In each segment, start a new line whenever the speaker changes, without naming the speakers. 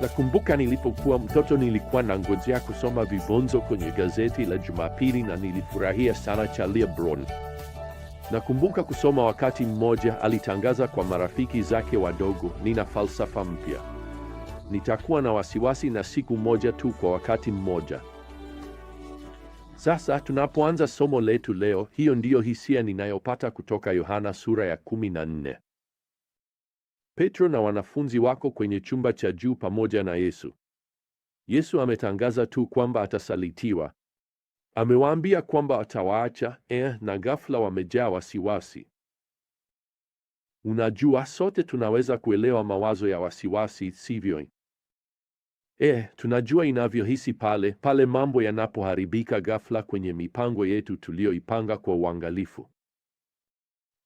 Nakumbuka nilipokuwa mtoto nilikuwa na ngojea kusoma vibonzo kwenye gazeti la Jumapili na nilifurahia sana Charlie Brown. Nakumbuka kusoma wakati mmoja alitangaza kwa marafiki zake wadogo, nina falsafa mpya, nitakuwa na wasiwasi na siku moja tu kwa wakati mmoja. Sasa tunapoanza somo letu leo, hiyo ndiyo hisia ninayopata kutoka Yohana sura ya 14. Petro na wanafunzi wako kwenye chumba cha juu pamoja na Yesu. Yesu ametangaza tu kwamba atasalitiwa. Amewaambia kwamba atawaacha, eh, na ghafla wamejaa wasiwasi. Unajua, sote tunaweza kuelewa mawazo ya wasiwasi, sivyo? Eh, tunajua inavyohisi pale pale mambo yanapoharibika ghafla kwenye mipango yetu tuliyoipanga kwa uangalifu.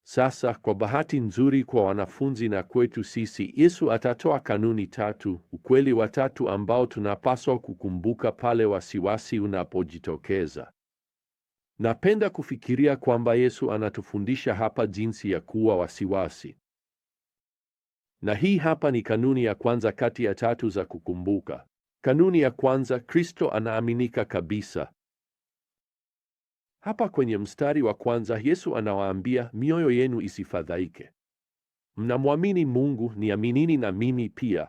Sasa kwa bahati nzuri kwa wanafunzi na kwetu sisi, Yesu atatoa kanuni tatu, ukweli wa tatu ambao tunapaswa kukumbuka pale wasiwasi unapojitokeza. Napenda kufikiria kwamba Yesu anatufundisha hapa jinsi ya kuwa wasiwasi. Na hii hapa ni kanuni ya kwanza kati ya tatu za kukumbuka. Kanuni ya kwanza, Kristo anaaminika kabisa. Hapa kwenye mstari wa kwanza Yesu anawaambia mioyo yenu isifadhaike. Mnamwamini Mungu, niaminini na mimi pia.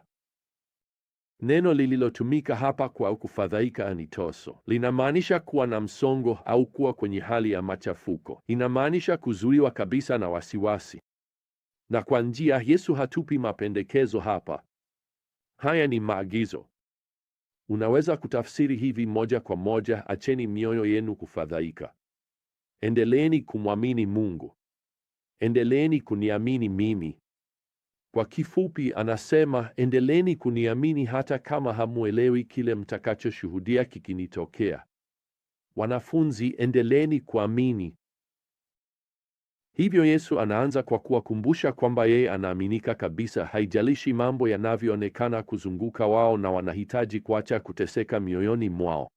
Neno lililotumika hapa kwa kufadhaika anitoso linamaanisha kuwa na msongo au kuwa kwenye hali ya machafuko. Inamaanisha kuzuiwa kabisa na wasiwasi. Na kwa njia, Yesu hatupi mapendekezo hapa. Haya ni maagizo. Unaweza kutafsiri hivi moja kwa moja, acheni mioyo yenu kufadhaika. Endeleeni kumwamini Mungu, endeleeni kuniamini mimi. Kwa kifupi, anasema endeleeni kuniamini hata kama hamuelewi kile mtakachoshuhudia kikinitokea. Wanafunzi, endeleeni kuamini. Hivyo Yesu anaanza kwa kuwakumbusha kwamba yeye anaaminika kabisa, haijalishi mambo yanavyoonekana kuzunguka wao, na wanahitaji kuacha kuteseka mioyoni mwao.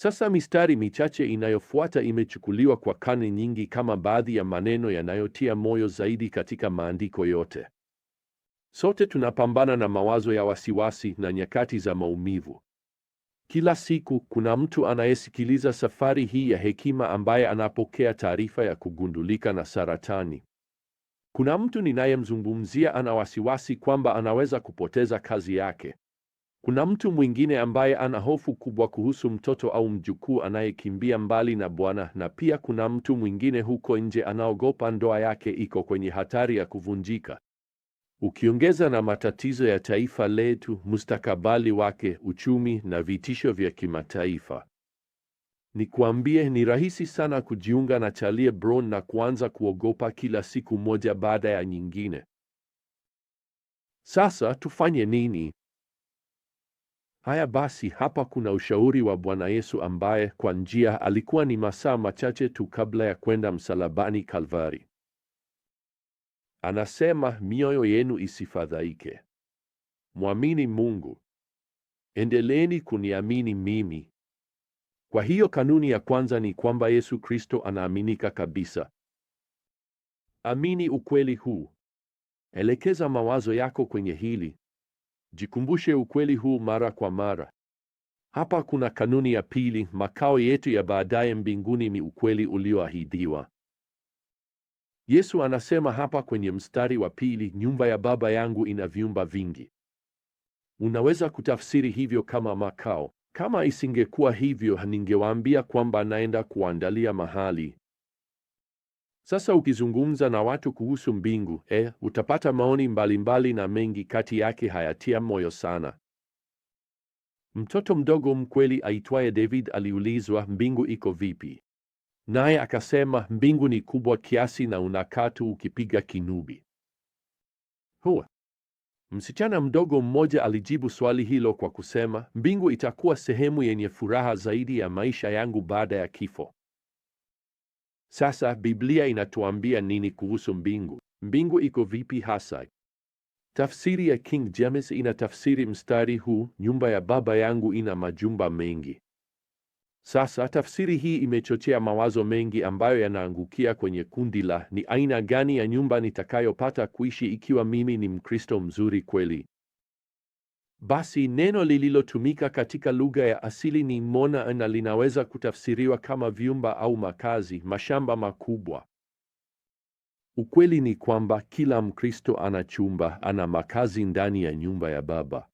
Sasa mistari michache inayofuata imechukuliwa kwa kani nyingi kama baadhi ya maneno yanayotia moyo zaidi katika maandiko yote. Sote tunapambana na mawazo ya wasiwasi na nyakati za maumivu. Kila siku kuna mtu anayesikiliza safari hii ya hekima ambaye anapokea taarifa ya kugundulika na saratani. Kuna mtu ninayemzungumzia ana wasiwasi kwamba anaweza kupoteza kazi yake. Kuna mtu mwingine ambaye ana hofu kubwa kuhusu mtoto au mjukuu anayekimbia mbali na Bwana, na pia kuna mtu mwingine huko nje anaogopa ndoa yake iko kwenye hatari ya kuvunjika. Ukiongeza na matatizo ya taifa letu, mustakabali wake, uchumi na vitisho vya kimataifa. Nikwambie, ni rahisi sana kujiunga na Charlie Brown na kuanza kuogopa kila siku moja baada ya nyingine. Sasa tufanye nini? Haya basi, hapa kuna ushauri wa Bwana Yesu ambaye kwa njia alikuwa ni masaa machache tu kabla ya kwenda msalabani Kalvari. Anasema, mioyo yenu isifadhaike, mwamini Mungu, endeleeni kuniamini mimi. Kwa hiyo kanuni ya kwanza ni kwamba Yesu Kristo anaaminika kabisa. Amini ukweli huu. Elekeza mawazo yako kwenye hili. Jikumbushe ukweli huu mara kwa mara. Hapa kuna kanuni ya pili: makao yetu ya baadaye mbinguni ni ukweli ulioahidiwa. Yesu anasema hapa kwenye mstari wa pili, nyumba ya Baba yangu ina vyumba vingi. Unaweza kutafsiri hivyo kama makao. Kama isingekuwa hivyo, ningewaambia kwamba naenda kuandalia mahali sasa ukizungumza na watu kuhusu mbingu, e utapata maoni mbalimbali na mengi kati yake hayatia moyo sana. Mtoto mdogo mkweli aitwaye David aliulizwa mbingu iko vipi, naye akasema mbingu ni kubwa kiasi na unakatu ukipiga kinubi. Huwa msichana mdogo mmoja alijibu swali hilo kwa kusema, mbingu itakuwa sehemu yenye furaha zaidi ya maisha yangu baada ya kifo. Sasa Biblia inatuambia nini kuhusu mbingu? Mbingu iko vipi hasa? Tafsiri ya King James inatafsiri mstari huu, nyumba ya Baba yangu ina majumba mengi. Sasa tafsiri hii imechochea mawazo mengi ambayo yanaangukia kwenye kundi la ni aina gani ya nyumba nitakayopata kuishi ikiwa mimi ni Mkristo mzuri kweli? Basi neno lililotumika katika lugha ya asili ni mona na linaweza kutafsiriwa kama vyumba au makazi, mashamba makubwa. Ukweli ni kwamba kila Mkristo ana chumba, ana makazi ndani ya nyumba ya Baba.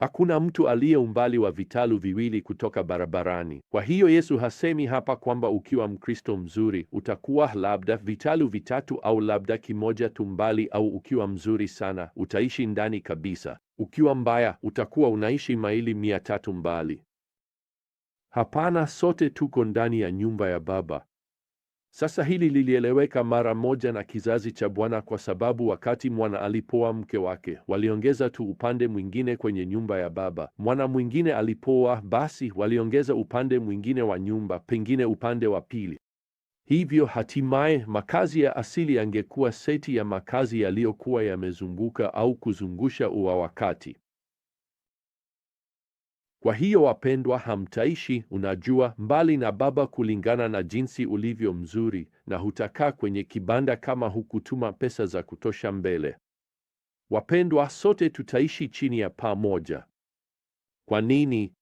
Hakuna mtu aliye umbali wa vitalu viwili kutoka barabarani. Kwa hiyo Yesu hasemi hapa kwamba ukiwa Mkristo mzuri utakuwa labda vitalu vitatu au labda kimoja tu mbali, au ukiwa mzuri sana utaishi ndani kabisa. Ukiwa mbaya utakuwa unaishi maili mia tatu mbali. Hapana, sote tuko ndani ya nyumba ya Baba. Sasa hili lilieleweka mara moja na kizazi cha Bwana, kwa sababu wakati mwana alipoa mke wake, waliongeza tu upande mwingine kwenye nyumba ya Baba. Mwana mwingine alipoa, basi waliongeza upande mwingine wa nyumba, pengine upande wa pili. Hivyo hatimaye makazi ya asili yangekuwa seti ya makazi yaliyokuwa yamezunguka au kuzungusha ua wakati. Kwa hiyo wapendwa, hamtaishi, unajua, mbali na Baba kulingana na jinsi ulivyo mzuri, na hutakaa kwenye kibanda kama hukutuma pesa za kutosha mbele. Wapendwa, sote tutaishi chini ya paa moja. Kwa nini?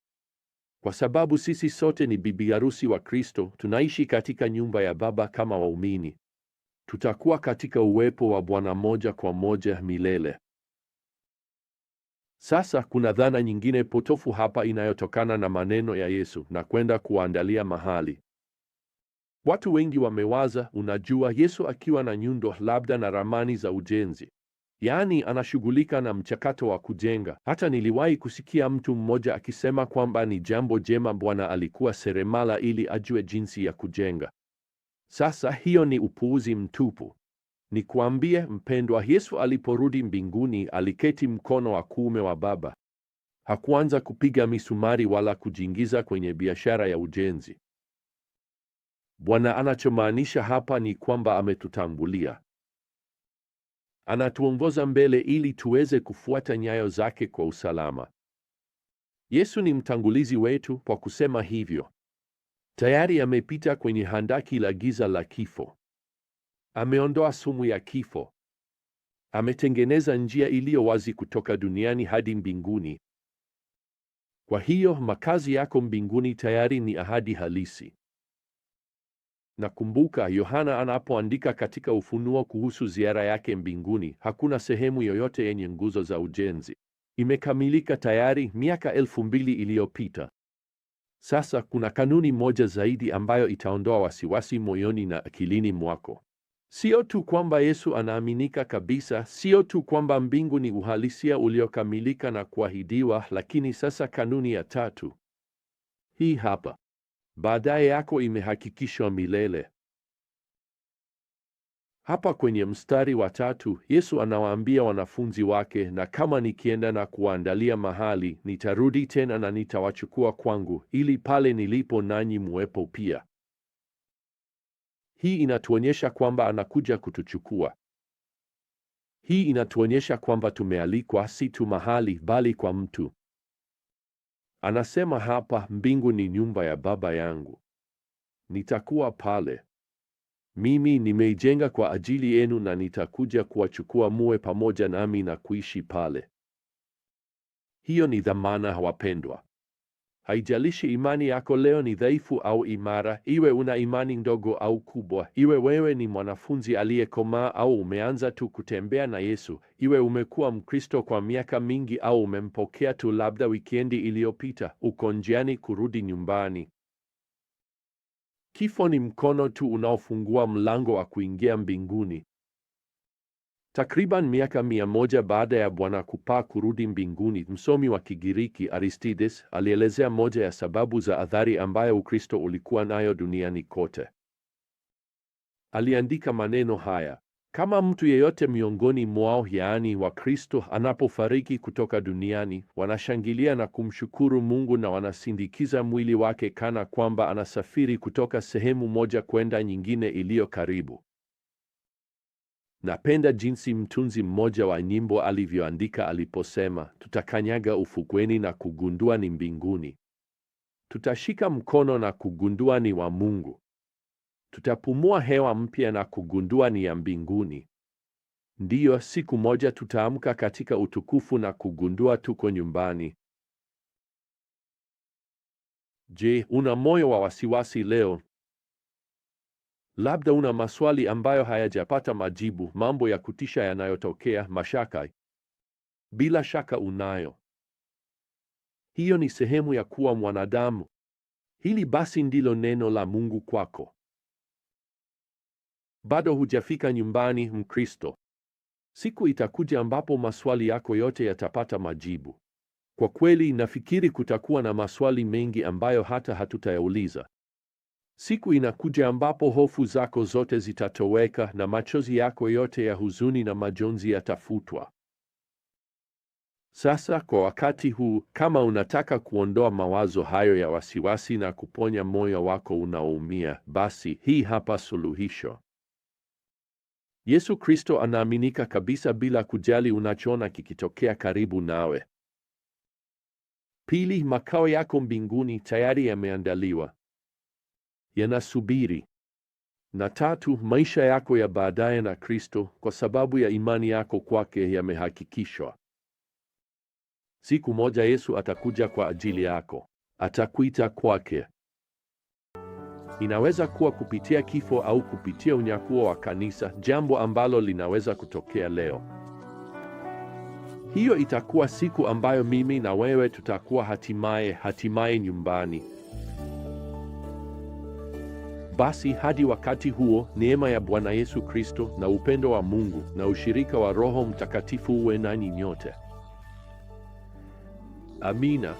Kwa sababu sisi sote ni bibi harusi wa Kristo, tunaishi katika nyumba ya Baba kama waumini. Tutakuwa katika uwepo wa Bwana moja kwa moja milele. Sasa kuna dhana nyingine potofu hapa inayotokana na maneno ya Yesu na kwenda kuwaandalia mahali. Watu wengi wamewaza, unajua, Yesu akiwa na nyundo labda na ramani za ujenzi Yaani anashughulika na mchakato wa kujenga. Hata niliwahi kusikia mtu mmoja akisema kwamba ni jambo jema Bwana alikuwa seremala ili ajue jinsi ya kujenga. Sasa hiyo ni upuuzi mtupu. Nikwambie mpendwa, Yesu aliporudi mbinguni aliketi mkono wa kuume wa Baba. Hakuanza kupiga misumari wala kujiingiza kwenye biashara ya ujenzi. Bwana anachomaanisha hapa ni kwamba ametutangulia. Anatuongoza mbele ili tuweze kufuata nyayo zake kwa usalama. Yesu ni mtangulizi wetu kwa kusema hivyo. Tayari amepita kwenye handaki la giza la kifo. Ameondoa sumu ya kifo. Ametengeneza njia iliyo wazi kutoka duniani hadi mbinguni. Kwa hiyo makazi yako mbinguni tayari ni ahadi halisi. Nakumbuka Yohana anapoandika katika Ufunuo kuhusu ziara yake mbinguni, hakuna sehemu yoyote yenye nguzo za ujenzi. Imekamilika tayari miaka elfu mbili iliyopita. Sasa kuna kanuni moja zaidi ambayo itaondoa wasiwasi moyoni na akilini mwako. Sio tu kwamba Yesu anaaminika kabisa, sio tu kwamba mbingu ni uhalisia uliokamilika na kuahidiwa, lakini sasa kanuni ya tatu hii hapa. Baadaye yako imehakikishwa milele. Hapa kwenye mstari wa tatu Yesu anawaambia wanafunzi wake, na kama nikienda na kuwaandalia mahali, nitarudi tena na nitawachukua kwangu, ili pale nilipo nanyi muwepo pia. Hii inatuonyesha kwamba anakuja kutuchukua. Hii inatuonyesha kwamba tumealikwa si tu mahali, bali kwa mtu. Anasema hapa, mbingu ni nyumba ya Baba yangu, nitakuwa pale mimi nimeijenga kwa ajili yenu, na nitakuja kuwachukua muwe pamoja nami na kuishi pale. Hiyo ni dhamana, wapendwa. Haijalishi imani yako leo ni dhaifu au imara, iwe una imani ndogo au kubwa, iwe wewe ni mwanafunzi aliyekomaa au umeanza tu kutembea na Yesu, iwe umekuwa Mkristo kwa miaka mingi au umempokea tu labda wikendi iliyopita, uko njiani kurudi nyumbani. Kifo ni mkono tu unaofungua mlango wa kuingia mbinguni. Takriban miaka mia moja baada ya Bwana kupaa kurudi mbinguni, msomi wa Kigiriki Aristides alielezea moja ya sababu za athari ambayo Ukristo ulikuwa nayo duniani kote. Aliandika maneno haya: kama mtu yeyote miongoni mwao, yaani Wakristo, anapofariki kutoka duniani, wanashangilia na kumshukuru Mungu na wanasindikiza mwili wake kana kwamba anasafiri kutoka sehemu moja kwenda nyingine iliyo karibu. Napenda jinsi mtunzi mmoja wa nyimbo alivyoandika aliposema, tutakanyaga ufukweni na kugundua ni mbinguni, tutashika mkono na kugundua ni wa Mungu, tutapumua hewa mpya na kugundua ni ya mbinguni. Ndiyo, siku moja tutaamka katika utukufu na kugundua tuko nyumbani. Je, una moyo wa wasiwasi leo? Labda una maswali ambayo hayajapata majibu, mambo ya kutisha yanayotokea, mashaka. Bila shaka unayo. Hiyo ni sehemu ya kuwa mwanadamu. Hili basi ndilo neno la Mungu kwako. Bado hujafika nyumbani, Mkristo. Siku itakuja ambapo maswali yako yote yatapata majibu. Kwa kweli, nafikiri kutakuwa na maswali mengi ambayo hata hatutayauliza. Siku inakuja ambapo hofu zako zote zitatoweka na machozi yako yote ya huzuni na majonzi yatafutwa. Sasa kwa wakati huu, kama unataka kuondoa mawazo hayo ya wasiwasi na kuponya moyo wako unaoumia, basi hii hapa suluhisho. Yesu Kristo anaaminika kabisa bila kujali unachoona kikitokea karibu nawe. Pili, makao yako mbinguni tayari yameandaliwa yanasubiri. Na tatu, maisha yako ya baadaye na Kristo kwa sababu ya imani yako kwake yamehakikishwa. Siku moja Yesu atakuja kwa ajili yako, atakuita kwake. Inaweza kuwa kupitia kifo au kupitia unyakuo wa kanisa, jambo ambalo linaweza kutokea leo. Hiyo itakuwa siku ambayo mimi na wewe tutakuwa hatimaye hatimaye nyumbani. Basi hadi wakati huo, neema ya Bwana Yesu Kristo na upendo wa Mungu na ushirika wa Roho Mtakatifu uwe nanyi nyote. Amina.